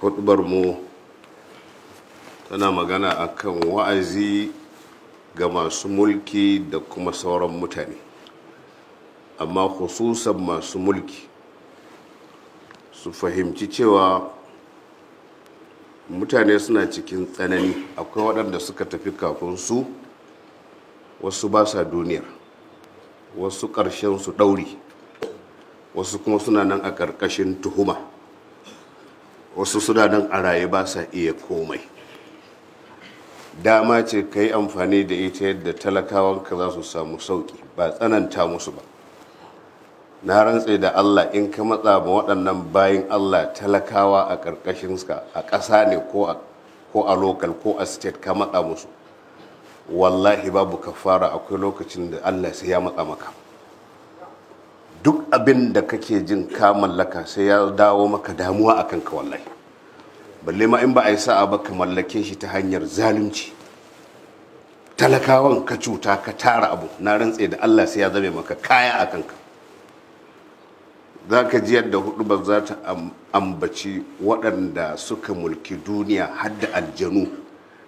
hudubar mu tana magana akan wa'azi ga masu mulki da kuma sauran mutane amma hususan masu mulki su fahimci cewa mutane suna cikin tsanani akwai waɗanda suka tafi kafin su wasu ba sa duniyar wasu ƙarshen su ɗauri wasu kuma suna nan a ƙarƙashin tuhuma wasu suna nan a raye ba sa iya komai dama ce ka yi amfani da ita yadda talakawanka za su samu sauƙi ba tsananta musu ba na rantse da allah in ka matsa ma waɗannan bayan allah talakawa a ƙarƙashinsa a ƙasa ne ko a lokal ko a state ka matsa musu wallahi babu kafara akwai lokacin da allah sai ya matsa maka duk abin da kake jin ka mallaka sai ya dawo maka damuwa a kanka wallahi balle ma in ba a yi sa'a ba ka mallake shi ta hanyar zalunci talakawan ka cuta ka tara abu na rantse da allah sai ya zame maka kaya a kanka za ka ji yadda hudu ba za ta ambaci waɗanda suka mulki duniya hadda aljanu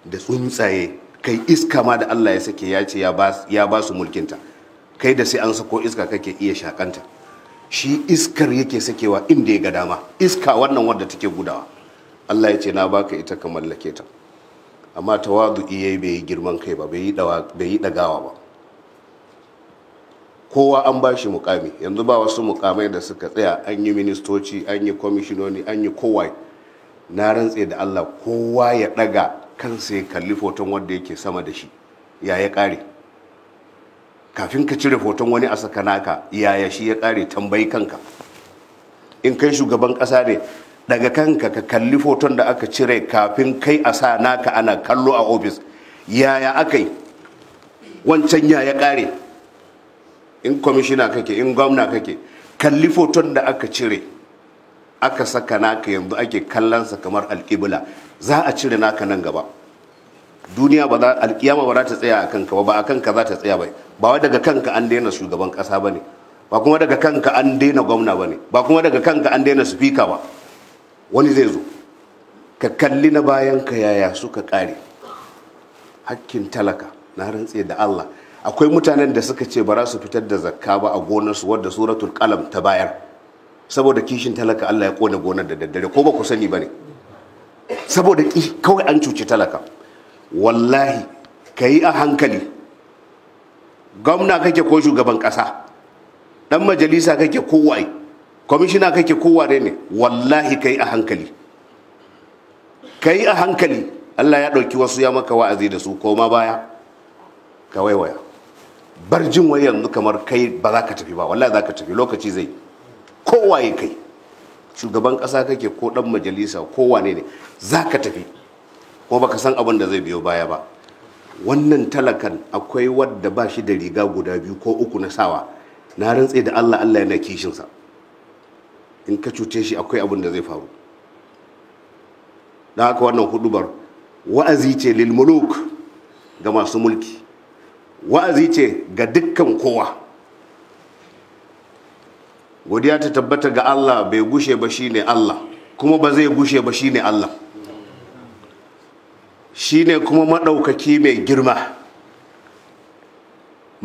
da tsuntsaye kai iska ma da allah ya sake ya ce ya ba su mulkinta kai da sai an sako iska kake iya shakanta shi iskar yake sakewa inda ya ga dama iska wannan wadda take gudawa Allah ya ce na baka ita ka mallake ta amma tawadu iya bai yi girman kai ba bai yi dagawa ba kowa an bashi mukami yanzu ba wasu mukamai da suka tsaya an yi ministoci an yi kwamishinoni an yi kowa na rantse da Allah kowa ya daga kansa ya kalli foton wanda yake sama da shi ya ya kare kafin ka cire hoton wani a sakanaka, naka yaya shi ya kare tambayi kanka in kai shugaban kasa ne daga kanka ka kalli hoton da aka cire kafin kai a sa naka ana kallo a ofis yaya aka yi wancan ya ya kare in kwamishina kake in gwamna kake kalli foton da aka cire aka saka naka yanzu ake kallonsa kamar alƙibla za a cire naka nan gaba duniya ba za alƙiyama ba za ta tsaya a kanka ba ba a kanka za ta tsaya ba ba wai daga kanka an daina shugaban kasa ba ne ba kuma daga kanka an daina gwamna ba ne ba kuma daga kanka an daina spika ba wani zai zo ka kalli na bayan ka yaya suka kare hakkin talaka na rantse da allah akwai mutanen da suka ce ba su fitar da zakka ba a gonarsu wadda suratul kalam ta bayar saboda kishin talaka allah ya kone gonar da daddare ko ba ku sani ba ne saboda kawai an cuci talaka wallahi ka yi a hankali gwamna kake ko shugaban kasa dan majalisa kake kowai kwamishina kake kowa ne wallahi kai a hankali kai a hankali allah ya ɗauki wasu ya maka wa'azi da su koma baya ka waiwaya bar jin wai yanzu kamar kai ba za ka tafi ba wallahi za ka tafi lokaci zai kowa ya kai shugaban kasa kake ko dan majalisa kowa ne za ka tafi ko baka san abin da zai biyo baya ba wannan talakan akwai wadda ba shi da riga guda biyu ko uku na sawa na rantse da allah allah yana kishinsa in ka cuce shi akwai abin da zai faru da haka wannan hudubar wa'azi ce lil muluk ga masu mulki wa'azi ce ga dukkan kowa godiya ta tabbata ga allah bai gushe ba shine allah kuma ba zai gushe ba shine allah shine kuma maɗaukaki mai girma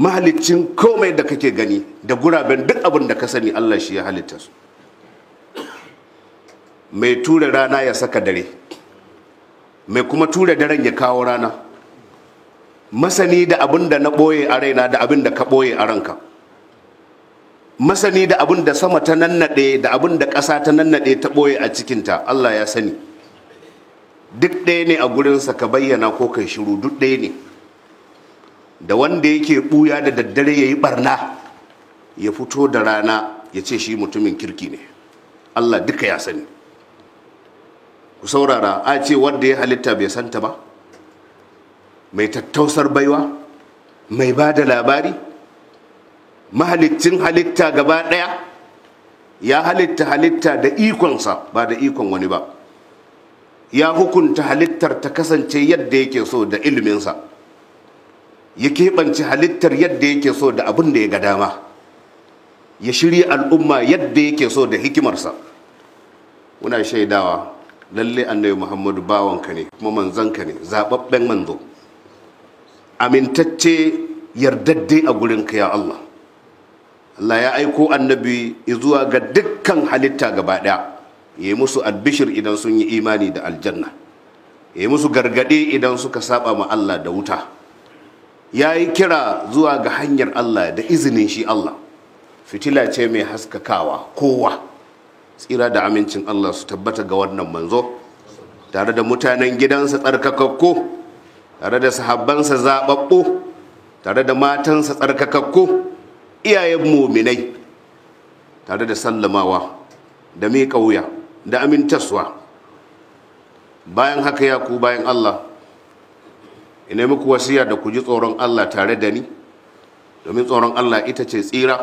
mahalicin komai da kake gani da guraben duk abin da ka sani allah shi ya halitta su mai tura rana ya saka dare mai kuma tura daren ya kawo rana masani da abin da na ɓoye a raina da abin da ka ɓoye a ranka masani da abin da sama ta nannaɗe da abin da ƙasa ta nannaɗe ta ɓoye a cikinta allah ya sani duk ɗaya ne a gurinsa ka bayyana ko kai shiru duk ɗaya ne da wanda yake ɓuya da daddare ya yi ɓarna ya fito da rana ya ce shi mutumin kirki ne allah duka ya sani ku saurara a ce wanda ya halitta bai santa ba mai tattausar baiwa mai ba da labari mahalittin halitta gaba ɗaya ya halitta halitta da ikonsa ba da ikon wani ba ya hukunta halittar ta kasance yadda yake so da iliminsa ya keɓance halittar yadda yake so da abin da ya ga dama ya shirya al'umma yadda yake so da hikimarsa muna shaidawa lalle annabi muhammadu bawanka ne kuma manzanka ne zaɓaɓɓen manzo amintacce yardadde a gurinka ya allah allah ya aiko annabi zuwa ga dukkan halitta gaba ɗaya yi musu albishir idan sun yi imani da aljanna yi musu gargaɗe idan suka saba ma Allah da wuta ya yi kira zuwa ga hanyar Allah da izinin shi Allah fitila ce mai haskakawa kowa tsira da amincin Allah su tabbata ga wannan manzo tare da mutanen gidansa tsarkakakko tare da sahabbansa zaɓaɓɓo tare da matansa tsarkakakko iyayen muminai tare da sallamawa da mai ƙauya da amintaswa bayan haka ya ku bayan Allah ina muku wasiya da ku ji tsoron Allah tare da ni domin tsoron Allah ita ce tsira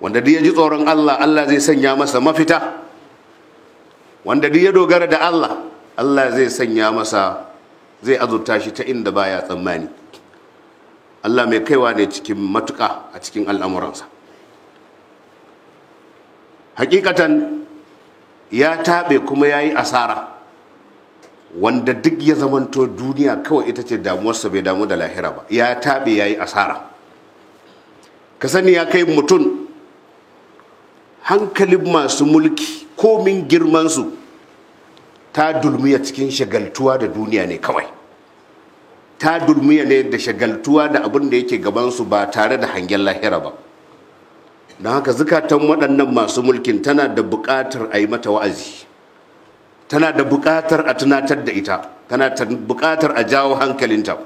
wanda duk ya ji tsoron Allah Allah zai sanya masa mafita wanda duk ya dogara da Allah Allah zai sanya masa zai azurta shi ta inda baya tsammani Allah mai kaiwa ne cikin matuka a cikin al'amuransa hakikatan ya taɓe kuma ya yi asara wanda duk ya zamanto duniya kawai ita ce damuwarsa bai damu da lahira ba ya taɓe ya yi asara ka sani ya kai mutum hankalin masu mulki komin girmansu ta dulmiya cikin shagaltuwa da duniya ne kawai ta dulmiya ne da shagaltuwa da abin da yake gabansu ba tare da hangen lahira ba don haka zukatan waɗannan masu mulkin tana da buƙatar a yi mata wa'azi tana da buƙatar a tunatar da ita tana da buƙatar a jawo hankalinta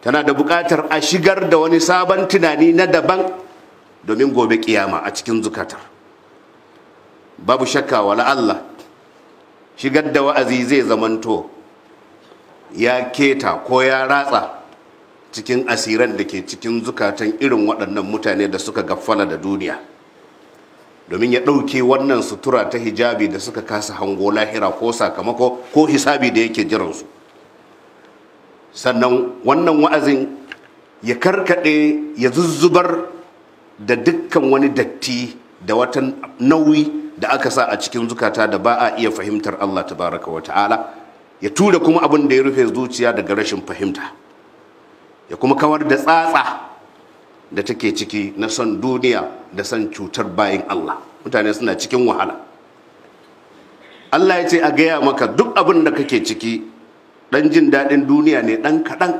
tana da buƙatar a shigar da wani sabon tunani na daban domin gobe kiyama a cikin zukatar babu shakka wala Allah shigar da wa'azi zai zamanto ya keta ko ya ratsa cikin asiran da ke cikin zukatan irin waɗannan mutane da suka gaffala da duniya domin ya ɗauke wannan sutura ta hijabi da suka kasa hango lahira ko sakamako ko hisabi da yake jiransu sannan wannan wa'azin ya karkaɗe ya zuzzubar da dukkan wani datti da wata nauyi da aka sa a cikin zukata da ba a iya fahimtar Allah tabaraka wa ta'ala ya tura kuma abin da ya rufe zuciya daga rashin fahimta. ya kuma kawar da tsatsa da take ciki na son duniya da son cutar bayan Allah mutane suna cikin wahala Allah ya ce a gaya maka duk abin da kake ciki dan jin daɗin duniya ne ɗan kaɗan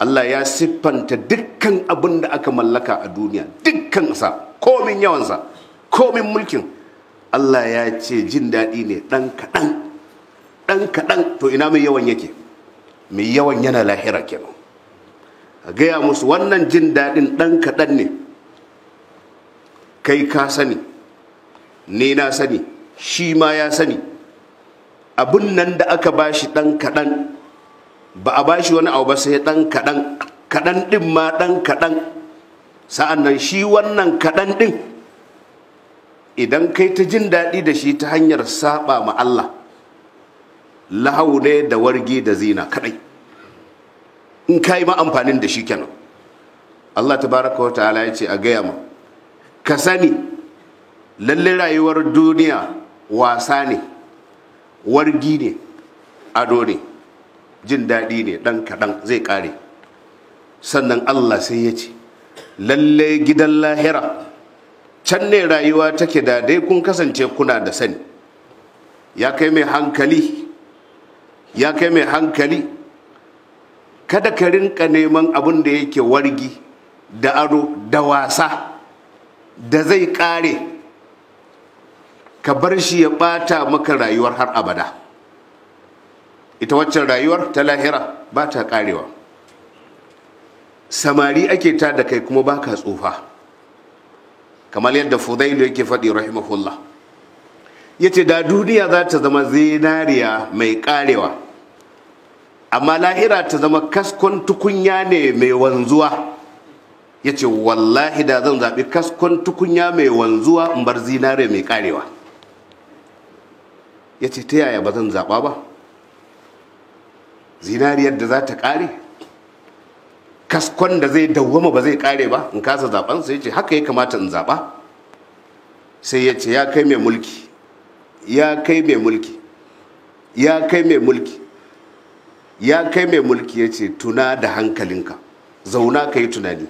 Allah ya siffanta dukkan abin da aka mallaka a duniya dukkan sa komin yawansa komin mulkin Allah ya ce jin daɗi ne ɗan kaɗan ɗan kaɗan to ina mai yawan yake mai yawan yana lahira kenan a gaya musu wannan jin daɗin ɗan kaɗan ne kai ka sani ne na sani shi ma ya sani abin nan da aka bashi ɗan kaɗan ba a bashi wani abu ba sai ɗan kaɗan kaɗan ɗin ma ɗan kaɗan sa'an nan shi wannan kaɗan ɗin idan kai ta jin daɗi da shi ta hanyar saɓa ma Allah lahau da wargi da zina kadai in ka yi ma amfanin da shi kenan Allah tabaraka wa ta'ala ya ce a gaya ma ka sani lallai rayuwar duniya wasa ne wargi ne ado ne jin daɗi ne ɗan kaɗan zai ƙare sannan Allah sai ya ce lallai gidan lahira can ne rayuwa take da dai kun kasance kuna da sani ya kai mai hankali ya kai mai hankali kada ka rinka neman abin da yake wargi da aro da wasa da zai kare ka bar shi ya bata maka rayuwar har abada ita waccan rayuwar ta lahira ba ta karewa samari ake ta da kai kuma baka tsufa kamar yadda fudailu yake faɗi rahimahullah ya ce da duniya za ta zama zinariya mai karewa amma lahira ta zama kaskon tukunya ne mai wanzuwa ya ce wallahi da zan zaɓi kaskon tukunya mai wanzuwa in bar zinare mai karewa ya ce ta yaya ba zan zaɓa ba zinariyar da za ta ƙare kaskon da zai dawwama ba zai ƙare ba in kasa zaɓensa ya ce haka ya kamata in zaɓa sai ya ce ya kai mai mulki ya kai mai mulki ya kai mai mulki ya kai mai mulki ya ce tuna da hankalinka zauna ka yi tunani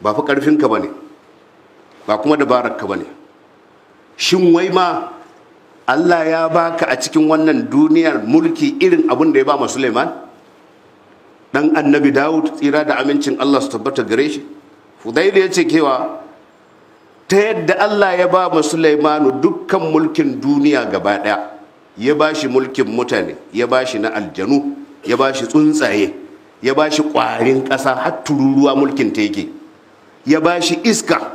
ba fi ƙarfinka ba ne ba kuma dabararka ba ne shin wai ma allah ya baka a cikin wannan duniyar mulki irin abin da ya ba ma suleiman dan annabi dawud tsira da amincin allah su tabbata gare shi fudailu ya ce kewa ta yadda Allah ya ba mu Sulaimanu dukkan mulkin duniya gaba ɗaya ya ba shi mulkin mutane ya ba shi na aljanu ya ba shi tsuntsaye ya ba shi ƙwarin ƙasa har tururuwa mulkin ta yake ya ba shi iska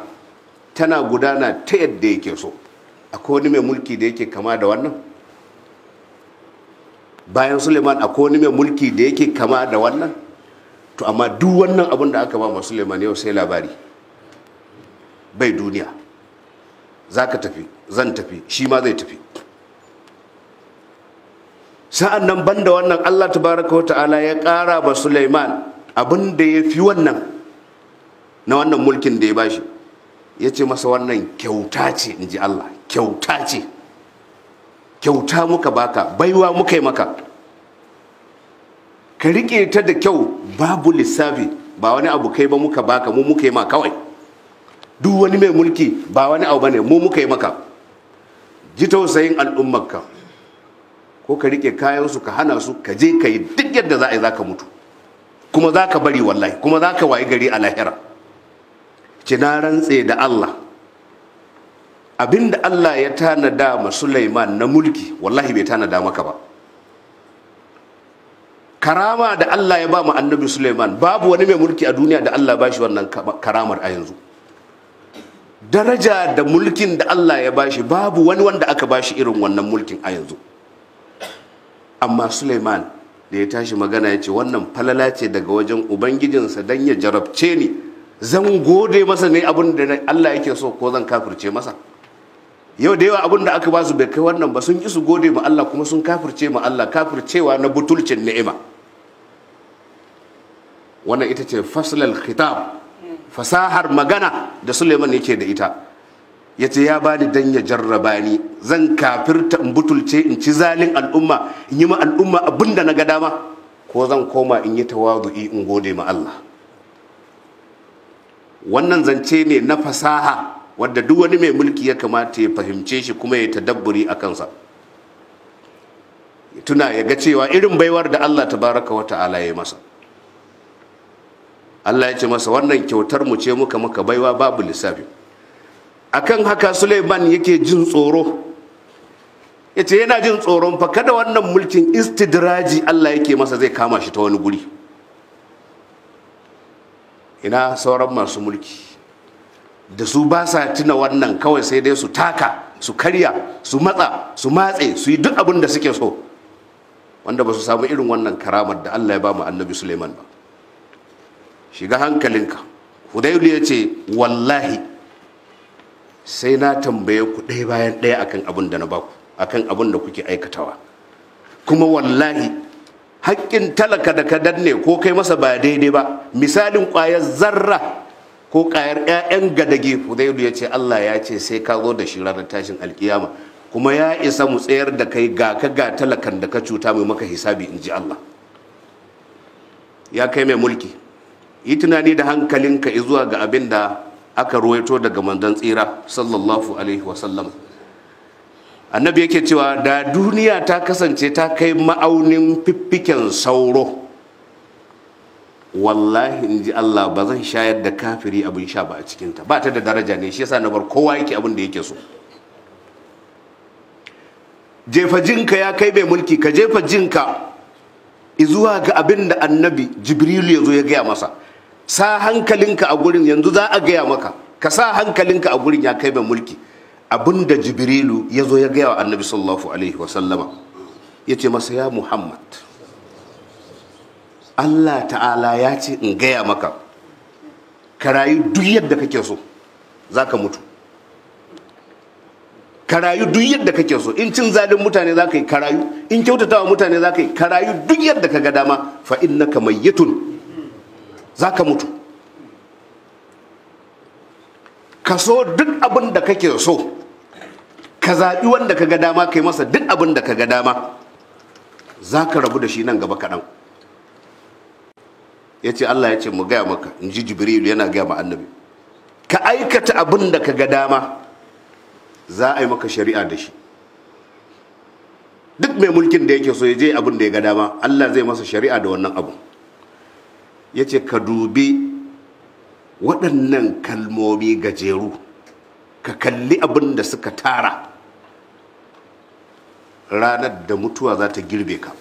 tana gudana ta yadda yake so akwai wani mai mulki da yake kama da wannan bayan suleiman akwai wani mai mulki da yake kama da wannan to amma duk wannan abin da aka ba ma suleiman yau sai labari bai duniya za ka tafi zan tafi shi ma zai tafi sa'an nan banda wannan allah tabaraka wa ta'ala ya ƙara ba suleiman abin da ya fi wannan na wannan mulkin da ya ba shi. ya ce masa wannan kyauta ce in ji allah kyauta ce kyauta muka baka baiwa muka yi maka ka riƙe ta da kyau babu lissafi ba wani abu kai ba muka baka mu muka yi ma kawai duk wani mai mulki ba wani abu bane mu muka yi maka ji tausayin al'ummarka ko ka rike kayan su ka hana su ka je ka yi duk yadda za a yi za mutu kuma za ka bari wallahi kuma za ka wayi gari a lahira ci na rantse da Allah abinda Allah ya tanada ma Sulaiman na mulki wallahi bai tanada maka ba karama da Allah ya ba mu annabi Sulaiman babu wani mai mulki a duniya da Allah ba shi wannan karamar a yanzu daraja da mulkin da Allah ya bashi babu wani wanda aka bashi irin wannan mulkin a yanzu amma Suleiman da ya tashi magana ya ce wannan falala ce daga wajen ubangijinsa don ya jarabce ni zan gode masa ne abin da Allah yake so ko zan kafirce masa yau da yawa abin da aka ba su bai kai wannan ba sun ki su gode ma Allah kuma sun kafirce ma Allah kafircewa na butulcin ni'ima wannan ita ce faslal khitab fasahar magana da suleiman yake da ita ya ce ya bani dan ya jarraba ni zan kafirta in butulce in ci zalin al'umma in yi ma al'umma abin da na ga dama ko zan koma in yi tawadu'i in gode ma Allah wannan zance ne na fasaha wadda duk wani mai mulki ya kamata ya fahimce shi kuma ya tadabburi a kansa tuna ya ga cewa irin baiwar da Allah tabaraka wa ta'ala ya masa Allah ya ce masa wannan kyautar mu ce muka maka baiwa babu lissafi akan haka Suleiman yake jin tsoro yace yana jin tsoron fa kada wannan mulkin istidraji Allah yake masa zai kama shi ta wani guri ina sauran masu mulki da su ba sa tuna wannan kawai sai dai su taka su karya su matsa su matse su yi duk abin da suke so wanda ba su samu irin wannan karamar da Allah ya ba mu annabi Suleiman ba shiga hankalinka hudairu ya ce wallahi sai na tambaye ku ɗaya bayan ɗaya akan abin da na baku akan abin da kuke aikatawa kuma wallahi haƙƙin talaka da ka ne ko kai masa ba daidai ba misalin ƙwayar zarra ko ƙayar 'ya'yan gadage hudairu ya ce allah ya ce sai ka zo da shi ranar tashin alkiyama kuma ya isa mu tsayar da kai ga ka ga talakan da ka cuta mai maka hisabi in ji allah ya kai mai mulki yi tunani da hankalinka zuwa ga abin da aka ruwaito daga manzon tsira sallallahu alaihi wasallam annabi yake cewa da duniya ta kasance ta kai ma'aunin fiffiken sauro wallahi in ji Allah ba zan shayar da kafiri abin sha ba a cikinta ba ta da daraja ne shi yasa na bar kowa yake abin da yake so jefa jinka ya kai mai mulki ka jefa jinka zuwa ga abin da annabi jibrilu ya zo ya gaya masa sa hankalinka a gurin yanzu za a gaya maka ka sa hankalinka a gurin ya kai mai mulki abinda jibrilu ya zo ya gaya wa annabi sallallahu alaihi wasallama ya ce masa ya muhammad allah ta'ala ya ce in gaya maka ka rayu duk yadda kake so za ka mutu ka rayu duk yadda kake so in cin zalin mutane za ka yi karayu in kyautatawa mutane za ka yi karayu duk yadda ka ga dama fa innaka mayyitun za ka mutu ka so duk abin da kake so ka zaɓi wanda ka ga dama yi masa duk abin da ka ga dama za ka rabu da shi nan gaba kaɗan ya ce allah ya ce mu gaya maka in ji jibril yana gaya ma annabi ka aikata abin da ka ga dama za a yi maka shari'a da shi duk mai mulkin da yake so ya je abin da ya ga dama allah zai masa shari'a da wannan abu ya ce ka dubi waɗannan kalmomi gajeru ka kalli abin da suka tara ranar da mutuwa za ta girbe ka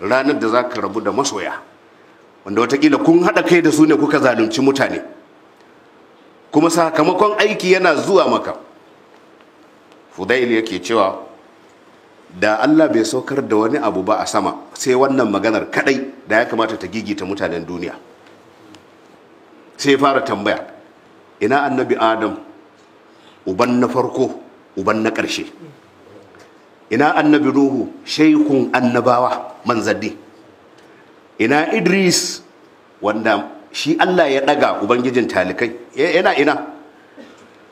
ranar da za ka rabu da masoya wanda watakila kun haɗa kai da su ne kuka zalunci mutane kuma sakamakon aiki yana zuwa maka fudail yake cewa da Allah bai saukar da wani abu ba a sama sai wannan maganar kadai da ya kamata ta gigita mutanen duniya sai fara tambaya ina annabi adam uban na farko uban na ƙarshe ina annabi ruhu shaikun annabawa manzanni ina idris wanda shi Allah ya daga ubangijin talikai eh, yana ina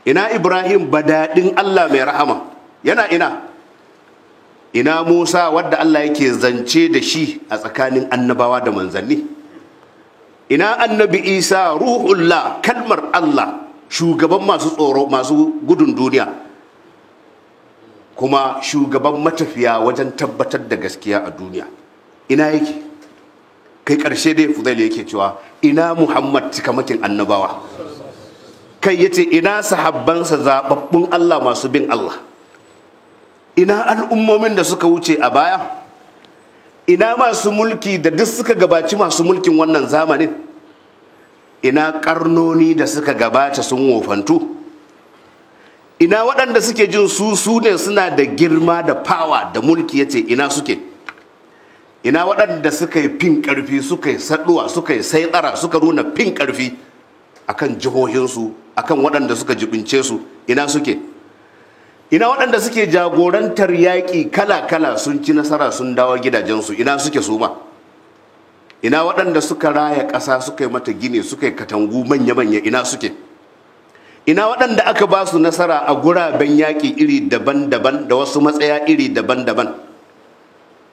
ina ibrahim badadin Allah mai rahama yana ina ina musa wadda allah yake zance da shi a tsakanin annabawa da manzanni ina annabi isa ruhullah kalmar allah shugaban masu tsoro masu gudun duniya kuma shugaban matafiya wajen tabbatar da gaskiya a duniya ina yake kai ƙarshe dai fudail yake cewa ina muhammad cikamakin annabawa kai yace ina sahabbansa zababbun allah masu bin allah ina al'ummomin da suka wuce a baya ina masu mulki da duk suka gabaci masu mulkin wannan zamanin ina karnoni da suka gabata sun wofantu ina waɗanda suke jin su su ne suna da girma da fawa da mulki ya ce ina suke ina waɗanda suka yi fin ƙarfi suka yi saɗuwa suka yi saitsara suka nuna fin ƙarfi akan jihohinsu akan waɗanda suka jibince su ina suke ina waɗanda suke jagorantar yaƙi kala-kala sun ci nasara sun dawo gidajensu ina suke suma ina waɗanda suka raya ƙasa suka yi mata gini suka yi katangu manya-manya ina suke ina waɗanda aka ba su nasara a guraben yaƙi iri daban-daban da wasu matsaya iri daban-daban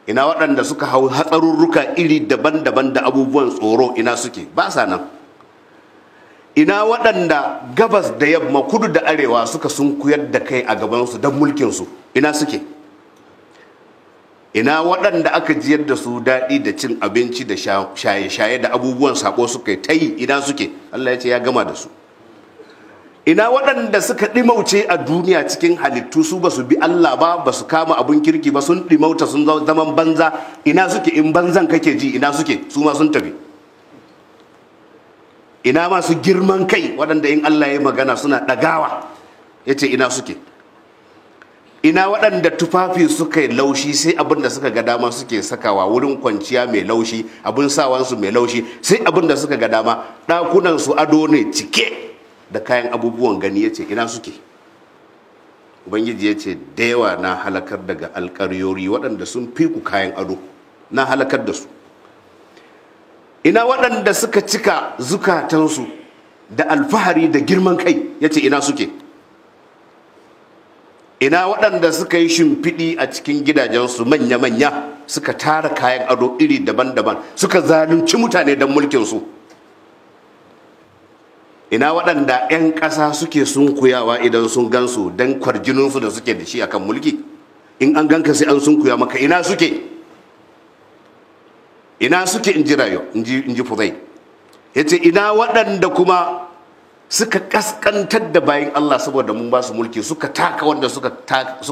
ina waɗanda suka hau hatsarurruka iri daban-daban da abubuwan tsoro ina suke ba sa nan ina waɗanda gabas da yamma kudu da arewa suka kuyar da kai a gabansu don mulkinsu ina suke ina waɗanda aka jiyar da su daɗi da cin abinci da shaye-shaye da abubuwan sako suka yi ta yi ina suke allah ya ce ya gama da su ina waɗanda suka ɗimauce a duniya cikin halittu su ba su bi Allah ba ba su kama abin kirki ba sun ɗimauta sun zaman banza ina suke in banzan kake ji ina suke su ma sun tafi ina masu girman kai waɗanda in Allah ya magana suna ɗagawa ya ce ina suke ina waɗanda tufafi suka yi laushi sai abin da suka ga dama suke sakawa wurin kwanciya mai laushi abin sawansu mai laushi sai abin da suka ga dama ɗakunansu ado ne cike da kayan abubuwan gani ya ce ina suke ubangiji ya ce da yawa na halakar daga alkaryori waɗanda sun fi ku kayan ado na halakar da su ina waɗanda suka cika zukatansu da alfahari da girman kai ya ce ina suke ina waɗanda suka yi shimfiɗi a cikin gidajensu manya-manya suka tara kayan ado iri daban-daban suka zalunci mutane don mulkinsu ina waɗanda 'yan ƙasa suke sunkuyawa idan sun gansu don kwarjininsu da suke da shi akan mulki in an ganka sai an sunkuya maka ina suke ina suke in ji rayo in ji fuzai ya ce ina waɗanda kuma suka kaskantar da bayan Allah saboda mun ba su mulki suka taka wanda suka taka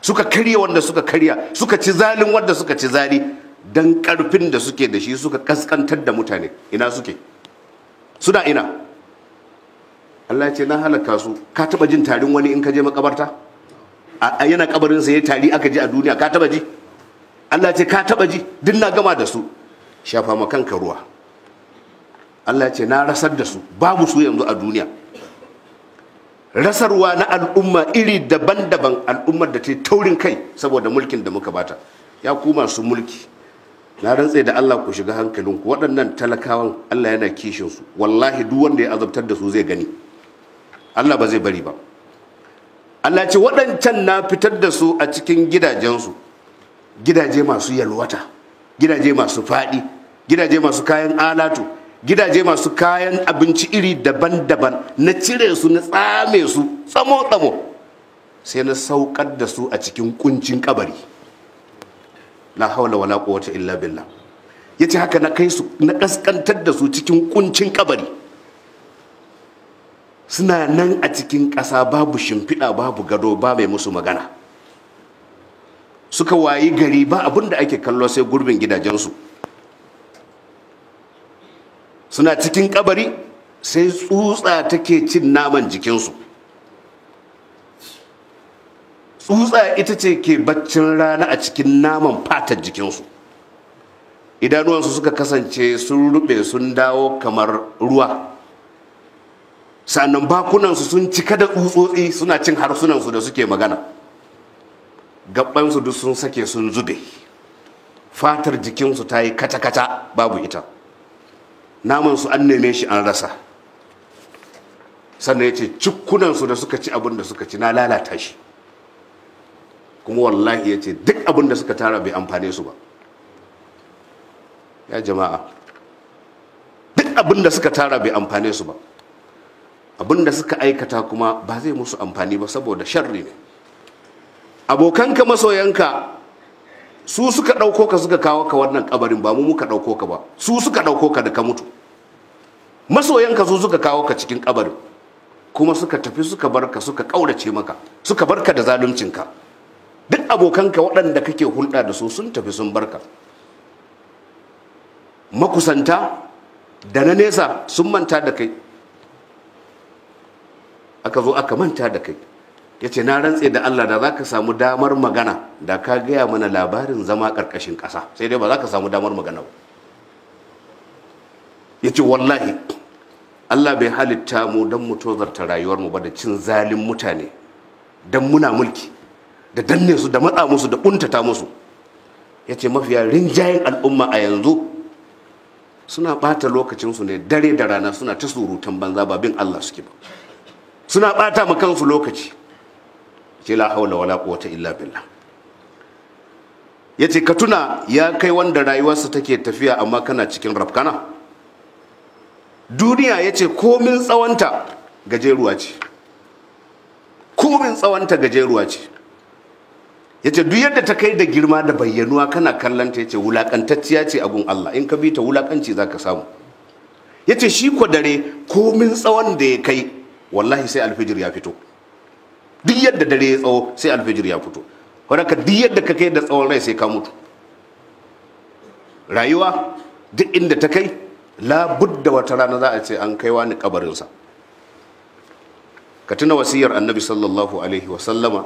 suka karya wanda suka karya suka ci zalin wanda suka ci zali dan karfin da suke da shi suka kaskantar da mutane ina suke suna ina Allah ce na halaka su ka taba jin tarin wani in ka je makabarta a yana kabarinsa ya tari aka ji a duniya ka taba ji Allah ce ka taba ji duk na gama da su shafa ma kanka ruwa Allah ce na rasar da su babu su yanzu a duniya rasarwa na al'umma iri daban-daban al'ummar da ta yi taurin kai saboda mulkin da muka bata ya kuma su mulki na rantse da Allah ku shiga hankalinku waɗannan talakawan Allah yana kishin su wallahi duk wanda ya azabtar da su zai gani Allah ba zai bari ba Allah ce waɗancan na fitar da su a cikin gidajensu gidaje masu yalwata gidaje masu faɗi gidaje masu kayan alatu gidaje masu kayan abinci iri daban-daban na cire su na tsame su tsamo-tsamo sai na saukar da su a cikin kuncin kabari na haula wala kowace illa billah yace haka na kai su na kaskantar da su cikin kuncin kabari suna nan a cikin ƙasa babu shimfiɗa babu gado ba mai musu magana suka wayi gari ba abun da ake kallo sai gurbin gidajensu suna cikin kabari sai tsutsa take cin naman jikinsu tsutsa ita ce ke baccin rana a cikin naman fatar jikinsu idanuwansu suka kasance sun rube sun dawo kamar ruwa sannan bakunansu sun cika da tsutsotsi suna cin harsunansu da suke magana gabansu duk sun sake sun zube fatar jikinsu ta yi kata-kata babu ita namansu an neme shi an rasa sannan ya ce cikunansu da suka ci abin da suka ci na lalata shi kuma wallahi ya ce duk abin da suka tara bai amfane su ba ya jama'a duk abin da suka tara bai amfane su ba abin da suka aikata kuma ba zai musu amfani ba saboda sharri ne abokanka masoyanka su suka ɗauko ka suka kawo ka wannan kabarin ba mu muka ɗauko ka ba su suka ɗauko ka da ka mutu masoyanka su suka kawo ka cikin kabarin kuma suka tafi suka ka suka ƙaurace maka suka ka da zaluncinka duk abokanka waɗanda kake hulɗa da su sun tafi sun bar ka makusanta da na nesa sun manta da kai aka zo aka manta da kai ya ce na rantse da Allah da za ka samu damar magana da ka gaya mana labarin zama karkashin kasa sai dai ba za ka samu damar magana ba ya ce wallahi Allah bai halitta mu don mu tozarta mu ba da cin zalin mutane don muna mulki da danne su da matsa musu da ƙuntata musu ya ce mafiya rinjayen al'umma a yanzu suna ɓata lokacinsu ne dare da rana suna ta surutan banza ba bin Allah suke ba suna ɓata ma kansu lokaci ce la haula wala kuwata illa billah ce ka tuna ya kai wanda rayuwarsa take tafiya amma kana cikin rafkana duniya ya yace komin tsawanta gajeruwa ce komin tsawanta gajeruwa ce yace duk yadda ta kai da girma da bayyanuwa kana kallanta ce wulakantacciya ce abun Allah in ka bi ta wulakanci ka samu Ya ce shi kwadare dare komin tsawon da ya kai wallahi sai alfijir ya fito duk yadda dare ya tsawo sai alfijir ya fito wadaka duk yadda ka kai da tsawon rai sai ka mutu rayuwa duk inda ta kai da wata rana za a ce an kai wani kabarinsa ka tuna wasiyar annabi sallallahu alaihi wasallama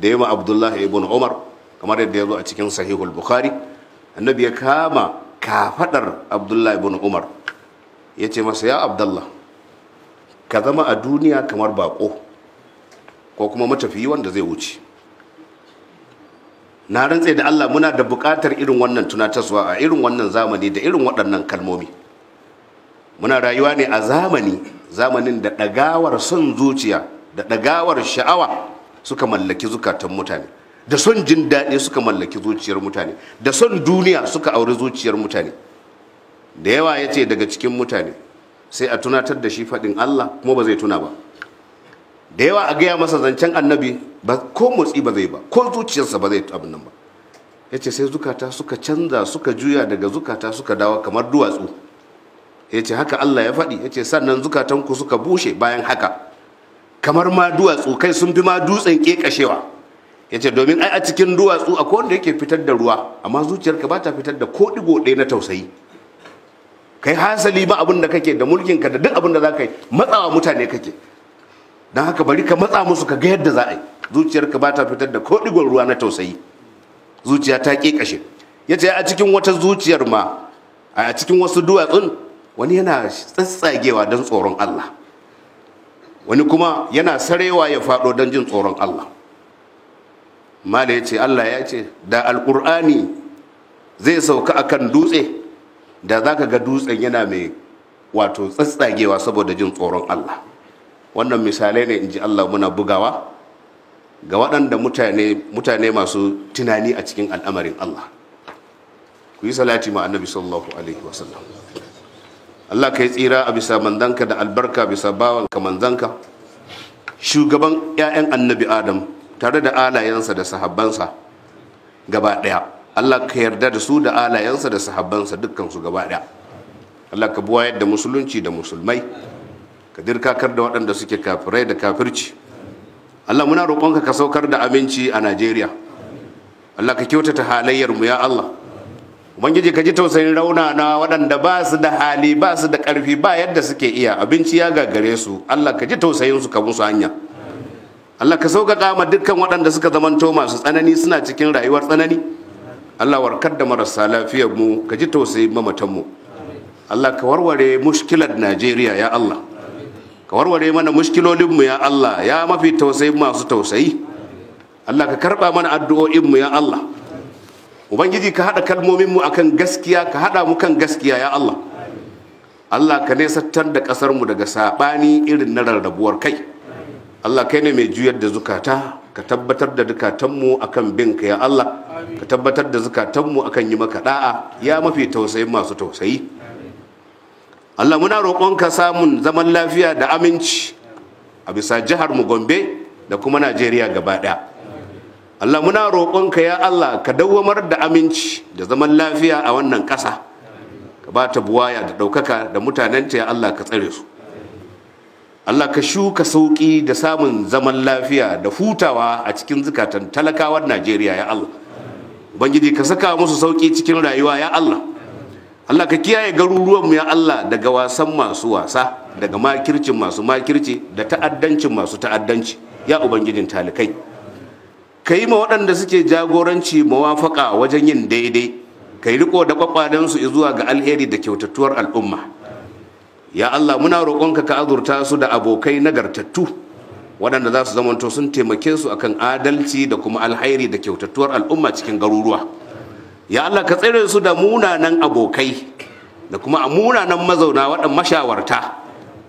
da yi ma abdullahi ibn umar kamar yadda ya zo a cikin sahihul bukhari annabi ya kama kafadar abdullahi ibn umar ya ce masa ya abdullah ka zama a duniya kamar bako ko kuma matafiyi wanda zai wuce na rantse da Allah muna da buƙatar irin wannan tunatarwa a irin wannan zamani da irin waɗannan kalmomi muna rayuwa ne a zamani zamanin da ɗagawar son zuciya da ɗagawar sha'awa suka mallaki zukatan mutane da son jin daɗi suka mallaki zuciyar mutane da son duniya suka auri zuciyar mutane da yawa ya ce daga cikin mutane sai a tunatar da shi faɗin Allah kuma ba zai tuna ba da yawa a gaya masa zancen annabi ba ko motsi ba zai ba ko zuciyarsa ba zai abin nan ba ya ce sai zukata suka canza suka juya daga zukata suka dawa kamar duwatsu ya ce haka allah ya faɗi ya ce sannan zukatanku suka bushe bayan haka kamar ma duwatsu kai sun fi ma dutsen kekashewa. ya ce domin ai a cikin duwatsu akwai wanda yake fitar da ruwa amma zuciyarka ba ta fitar da ko ɗigo ɗaya na tausayi kai hasali ba abin da kake da mulkinka da duk abin da za ka yi matsawa mutane kake don haka bari ka matsa musu ka ga yadda za a yi zuciyarka ba ta fitar da ko ruwa na tausayi zuciya ta ƙi kashe ya ce a cikin wata zuciyar ma a cikin wasu duwatsun wani yana tsatsagewa don tsoron Allah wani kuma yana sarewa ya faɗo don jin tsoron Allah mala ya ce Allah ya ce da Alkur'ani zai sauka a kan dutse da za ka ga dutsen yana mai wato tsatsagewa saboda jin tsoron Allah wannan misalai ne in ji allah muna bugawa ga waɗanda mutane masu tunani a cikin al'amarin allah ku yi salati ma annabi sallallahu alaihi wasallam allah ka yi tsira a bisa manzanka da albarka bisa ka manzanka shugaban 'ya'yan annabi adam tare da alayensa da sahabbansa gaba ɗaya allah ka yarda da su da alayensa da sahabbansa su gaba ɗaya allah ka buwa da musulunci da musulmai ka dirkakar da waɗanda suke kafirai da kafirci Allah muna roƙonka ka saukar da aminci a Najeriya Allah ka kyautata halayyar mu ya Allah ubangiji ka ji tausayin rauna na waɗanda ba su da hali ba su da ƙarfi ba yadda suke iya abinci ya gagare su Allah ka ji tausayin su ka musu hanya Allah ka sauƙaƙa ma dukkan waɗanda suka zamanto masu tsanani suna cikin rayuwar tsanani Allah warkar da marasa lafiyar mu ka ji tausayin mamatan mu Allah ka warware mushkilar Najeriya ya Allah ka warware mana mushkilolinmu ya Allah ya mafi tausayi masu tausayi Allah ka karba mana addu'o'inmu ya Allah ubangiji ka haɗa kalmominmu akan gaskiya ka haɗa mu kan gaskiya ya Allah Allah ka nesattar da ƙasarmu daga saɓani irin na rarrabuwar kai Allah kai ne mai juyar da zukata ka tabbatar da zukatanmu akan bin ka ya Allah ka tabbatar da zukatanmu akan yi maka da'a ya mafi tausayi masu tausayi Allah muna roƙonka samun zaman lafiya da aminci a bisa jihar mu Gombe da kuma Najeriya gaba ɗaya. Allah muna roƙonka ya Allah ka dawwamar da aminci da zaman lafiya a wannan ƙasa. Ka ba ta buwaya da ɗaukaka da mutanenta ya Allah ka tsare su. Allah ka shuka sauƙi da samun zaman lafiya da hutawa a cikin zukatan talakawar Najeriya ya Allah. Ubangiji ka saka musu sauƙi cikin rayuwa ya Allah. Allah ka kiyaye mu ya Allah daga wasan masu wasa daga makircin masu makirci da ta'addancin masu ta'addanci ya ubangijin talikai ka yi ma waɗanda suke jagoranci mawafaka wajen yin daidai ka yi riko da kwakwalensu zuwa ga alheri da kyautattuwar al'umma ya Allah muna roƙonka ka azurta su da abokai nagartattu waɗanda za su zamanto sun taimake su akan adalci da kuma alheri da kyautattuwar al'umma cikin garuruwa ya Allah ka tsere su da munanan abokai da kuma a munanan mazauna waɗan mashawarta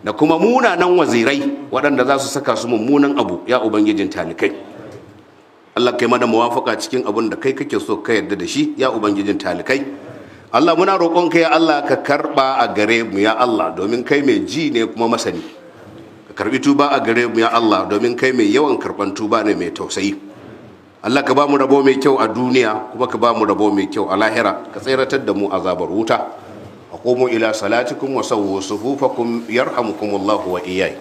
da kuma munanan wazirai waɗanda za su saka su mummunan abu ya ubangijin talikai Allah kai mana muwafaka cikin abin da kai kake so ka yarda da shi ya ubangijin talikai Allah muna roƙon ka ya Allah ka karɓa a gare mu ya Allah domin kai mai ji ne kuma masani ka karɓi tuba a gare mu ya Allah domin kai mai yawan karɓan tuba ne mai tausayi Allah ka ba mu rabo mai kyau a duniya kuma ka ba mu rabo mai kyau a lahira ka tseratar da mu azabar wuta aqumu ila salatikum wa sawwu sufufakum yarhamukumullahu wa iyyai